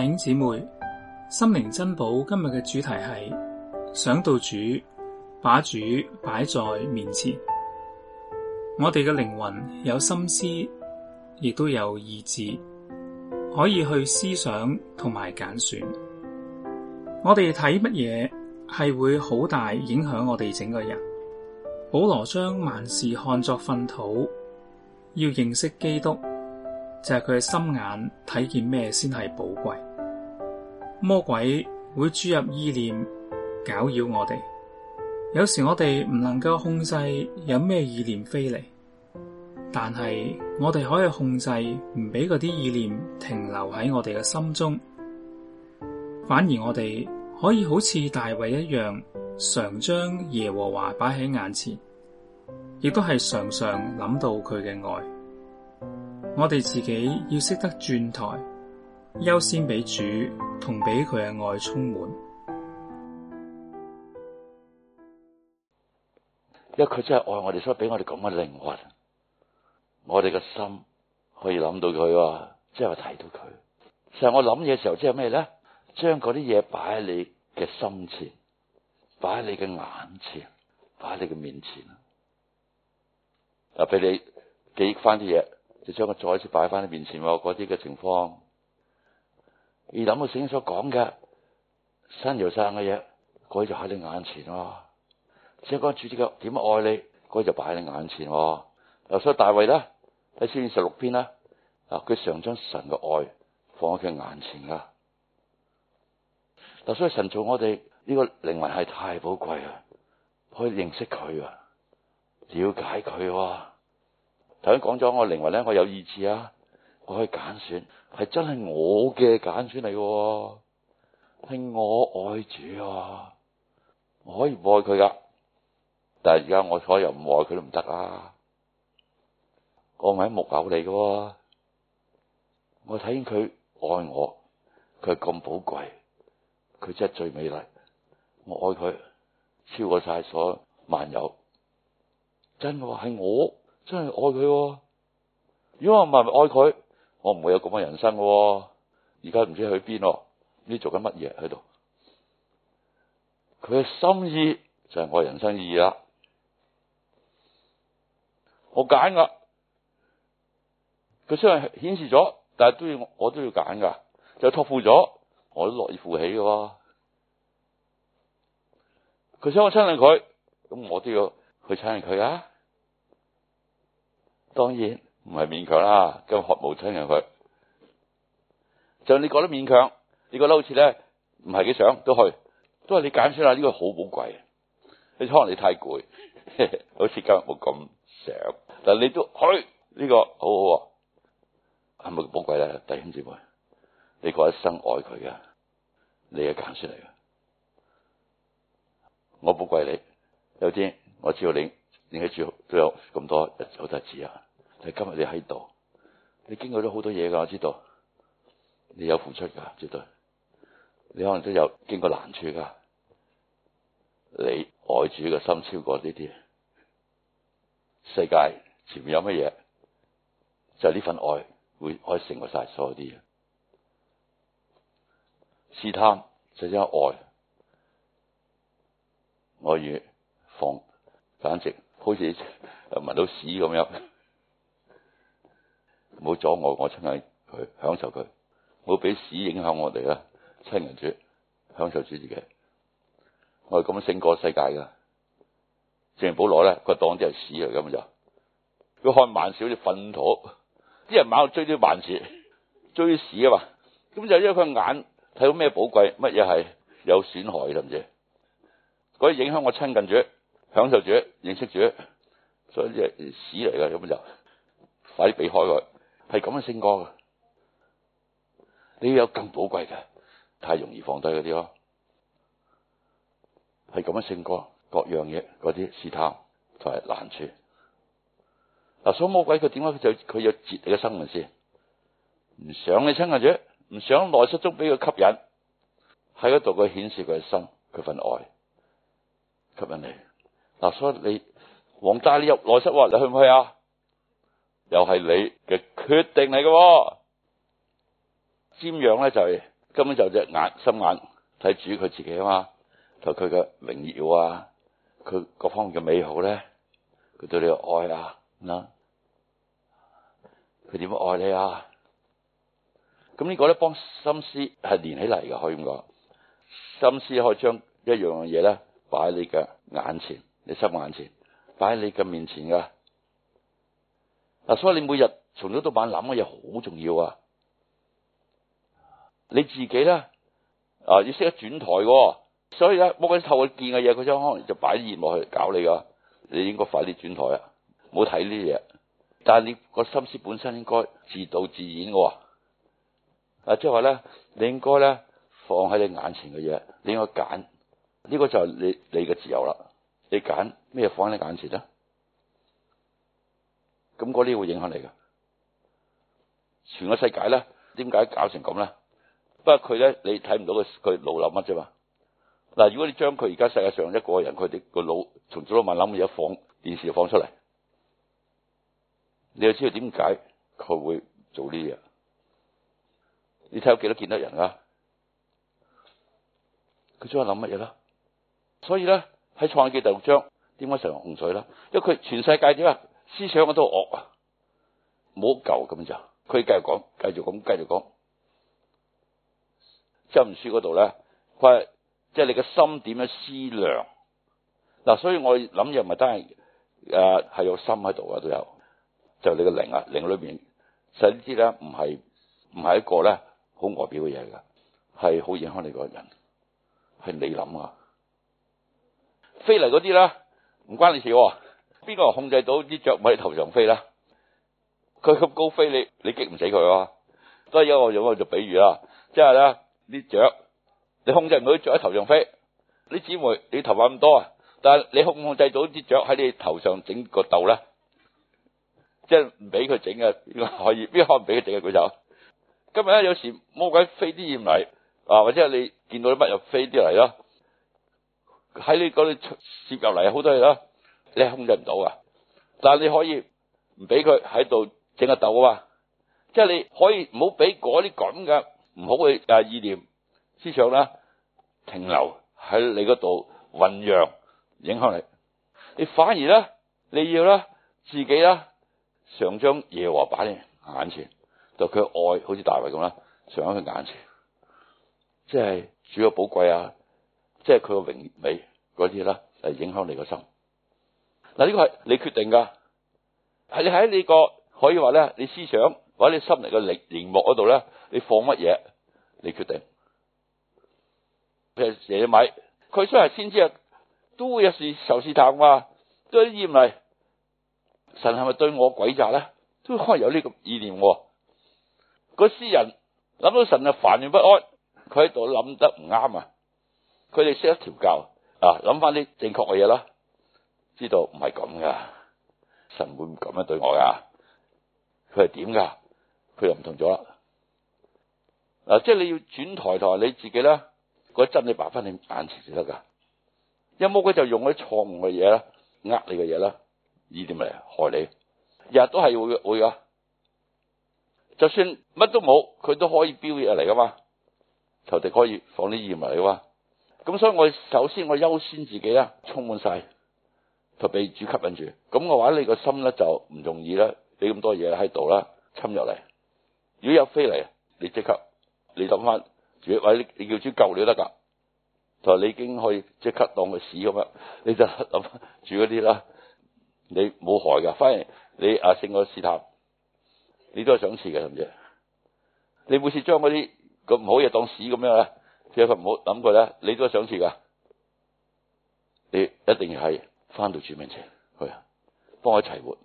弟兄姊妹，心靈珍寶今日嘅主題係想到主，把主擺在面前。我哋嘅靈魂有心思，亦都有意志，可以去思想同埋揀選。我哋睇乜嘢係會好大影響我哋整個人。保羅將萬事看作糞土，要認識基督就係佢嘅心眼睇見咩先係寶貴。魔鬼會注入意念攪擾我哋，有時我哋唔能夠控制有咩意念飛嚟，但係我哋可以控制唔畀嗰啲意念停留喺我哋嘅心中，反而我哋可以好似大衛一樣，常將耶和華擺喺眼前，亦都係常常諗到佢嘅愛。我哋自己要識得轉台。優先俾主同俾佢嘅愛充滿，因為佢真係愛我哋，所以俾我哋咁嘅靈魂，我哋嘅心可以諗到佢，即係話睇到佢。成日我諗嘢嘅時候呢，即係咩咧？將嗰啲嘢擺喺你嘅心前，擺喺你嘅眼前，擺喺你嘅面前，就俾你記憶翻啲嘢，就將佢再一次擺返你面前喎。嗰啲嘅情況。而諗到聖經所講嘅，新又生嘅嘢，嗰啲就喺你眼前，即係講主啲嘅點樣愛你，嗰啲就擺喺你眼前。所以大衛啦喺詩篇二十六篇啦，啊，佢常將神嘅愛放喺佢眼前噶所以神做我哋呢、這個靈魂係太寶貴啊，可以認識佢啊，了解佢。頭先講咗我靈魂咧，我有意志啊。我可以揀選，係真係我嘅揀選嚟，係我愛主啊！我可以唔愛佢噶，但係而家我所有唔愛佢都唔得啊！我唔係木偶嚟嘅，我睇見佢愛我，佢係咁寶貴，佢真係最美麗，我愛佢超過晒所有萬有，真係我係真係愛佢啊。如果我唔係愛佢，我唔會有咁嘅人生喎。而家唔知去邊，唔知做緊乜嘢喺度。佢嘅心意就係我人生意義啦。我揀噶，佢雖然顯示咗，但係都要我都要揀噶，就托付咗，我都樂意負起嘅。佢想我親近佢，咁我都要去親近佢㗎。當然。唔係勉強啦，今日學母親入去。就你覺得勉強，你覺得好似咧唔係幾想都去，都係你揀出嚟，呢個好寶貴。你可能你太攰，好似今日冇咁想，但係你都去呢、這個好好，啊，係咪寶貴咧？弟兄姊妹，你過一生愛佢嘅，你嘅揀出嚟嘅，我寶貴你。有啲我知道你，你應該都有咁多日，好得字啊。係今日你喺度，你經過咗好多嘢噶，我知道，你有付出噶，絕對，你可能都有經過難處噶，你愛主嘅心超過呢啲，世界前面有乜嘢，就係呢份愛會可以勝過晒所有啲嘢，試探就係因為愛，愛與放簡直好似聞到屎咁樣。唔好阻我，我親近佢，享受佢。唔好俾屎影響我哋啦，親近主，享受主自己。我係咁勝過世界噶。聖保羅咧，佢當啲係屎嚟，咁就佢看萬事好似糞土，啲人猛追啲萬事，追屎啊嘛。咁就因為佢眼睇到咩寶貴，乜嘢係有損害甚至，嗰啲影響我親近主，享受主，認識主。所以啲係屎嚟噶，咁就快啲避開佢。係咁嘅性格嘅，你要有更寶貴嘅，太容易放低嗰啲咯。係咁嘅性格，各樣嘢，嗰啲試探同埋難處。嗱，所以魔鬼佢點解佢就佢要截你嘅生命先？唔想你親近，唔想內失中俾佢吸引，喺嗰度佢顯示佢嘅心，佢份愛吸引你。嗱，所以你黃大內，你入內室喎，你去唔去啊？又係你嘅決定嚟嘅、啊，瞻仰咧就係、是、根本就只眼心眼睇住佢自己啊嘛，同佢嘅榮耀啊，佢各方面嘅美好咧，佢對你嘅愛啊，嗱、嗯，佢點樣愛你啊？咁呢個咧幫心思係連起嚟嘅，可以咁講，心思可以將一樣樣嘢咧擺喺你嘅眼前，你心眼前擺喺你嘅面前噶。嗱，所以你每日從早到晚諗嘅嘢好重要啊！你自己咧啊，要識得轉台、哦，所以啊，冇人透過見嘅嘢，佢將可能就擺啲嘢落去搞你噶。你應該快啲轉台啊，唔好睇呢啲嘢。但係你個心思本身應該自導自演嘅、哦，啊，即係話咧，你應該咧放喺你眼前嘅嘢，你應該揀。呢個就係你你嘅自由啦。你揀咩放喺你眼前咧？咁嗰啲會影響你嘅，全個世界咧，點解搞成咁咧？不過佢咧，你睇唔到佢佢腦諗乜啫嘛？嗱，如果你將佢而家世界上一個人，佢哋個腦從早到晚諗嘅嘢一放電視又放出嚟，你就知道點解佢會做啲嘢。你睇有幾多見得人啊？佢將佢諗乜嘢啦？所以咧，喺創記第六章，點解成龍洪水啦？因為佢全世界點啊？思想我都好惡啊，冇舊咁就，佢繼續講，繼續咁繼續講。書《周易》嗰度咧，佢即係你嘅心點樣思量。嗱，所以我諗又唔係單係誒係有心喺度啊，都有。就是，你嘅靈啊，靈裏面甚至咧唔係唔係一個咧好外表嘅嘢噶，係好影響你個人，係你諗啊。飛嚟嗰啲咧唔關你事啊。邊個控制到啲雀喺頭上飛啦？佢咁高飛，你你激唔死佢啊？都係一個用我做比喻啦，即係咧啲雀，你控制唔到啲雀喺頭上飛，你姊妹你頭髮咁多啊？但係你控唔控制到啲雀喺你頭上整個竇咧？即係唔俾佢整嘅，邊個可以？邊可唔俾佢整嘅？舉手。今日咧有時魔鬼飛啲煙嚟啊，或者你見到啲乜又飛啲嚟啦，喺你嗰度攝入嚟好多嘢啦。你控制唔到啊，但係你可以唔俾佢喺度整個斗啊嘛，即係你可以唔好俾嗰啲咁嘅唔好嘅啊意念思想啦，停留喺你嗰度醞釀影響你。你反而咧，你要咧自己啦，常將耶和華擺喺眼前，就佢嘅愛，好似大衛咁啦，常喺佢眼前，即係主要寶貴啊，即係佢嘅榮美嗰啲啦，就影響你個心。嗱、這、呢個係你決定噶，係你喺你個可以話咧，你思想或者你心靈嘅螢幕嗰度咧，你放乜嘢，你決定。譬如耶利米，佢雖然先知啊，都會有時受試探嘛，嗰啲意味，神係咪對我詭詐咧？都可能有呢個意念、啊。嗰、那、詩、個、人諗到神啊，煩亂不安，佢喺度諗得唔啱啊！佢哋識得調教啊，諗翻啲正確嘅嘢啦。知道唔係咁噶，神會唔咁樣對我噶？佢係點噶？佢又唔同咗啦嗱，即係你要轉台台你自己啦，嗰啲真理擺返你眼前就得噶。一冇佢就用嗰啲錯誤嘅嘢啦，呃你嘅嘢啦，呢啲咪害你？日日都係會會噶，就算乜都冇，佢都可以標嘢嚟噶嘛。頭敵可以放啲意物你喎。咁所以我首先我優先自己啊，充滿晒。佢被主吸引住，咁嘅話，你個心咧就唔容易啦。俾咁多嘢喺度啦，侵入嚟。如果有飛嚟，你即刻你諗翻主，或者，你叫主救你都得㗎。就你已經去即刻當佢屎咁樣，你就諗住嗰啲啦。你冇害㗎，反而你啊勝過試探，你都係賞賜嘅，甚至你每次將嗰啲咁唔好嘢當屎咁樣咧，叫佢唔好諗佢咧，你都係賞賜㗎。你，一，要要你，你一定要係。翻到主名前去啊，幫我一齊活。